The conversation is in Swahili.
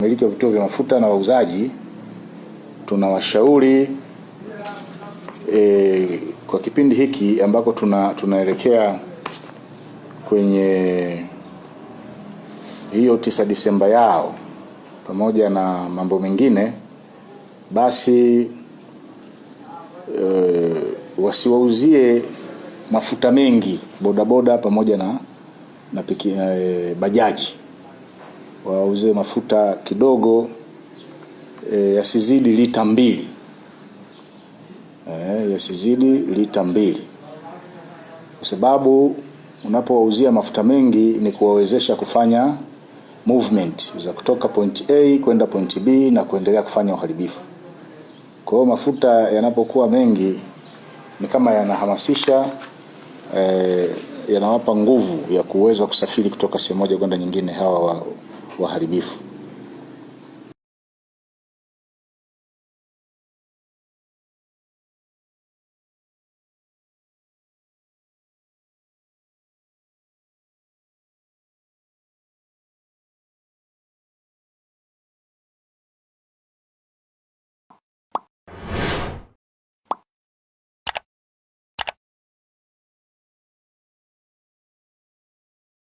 Miliki wa vituo vya mafuta na wauzaji tunawashauri e, kwa kipindi hiki ambako tuna tunaelekea kwenye hiyo tisa Disemba yao pamoja na mambo mengine, basi e, wasiwauzie mafuta mengi bodaboda pamoja na, na piki, e, bajaji wauze mafuta kidogo e, yasizidi lita mbili e, yasizidi lita mbili kwa sababu unapowauzia mafuta mengi ni kuwawezesha kufanya movement za kutoka point A kwenda point B na kuendelea kufanya uharibifu. Kwa hiyo mafuta yanapokuwa mengi ni kama yanahamasisha e, yanawapa nguvu ya kuweza kusafiri kutoka sehemu moja kwenda nyingine hawa uharibifu.